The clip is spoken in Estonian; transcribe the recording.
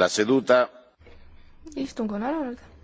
la seduta. istung on alanud.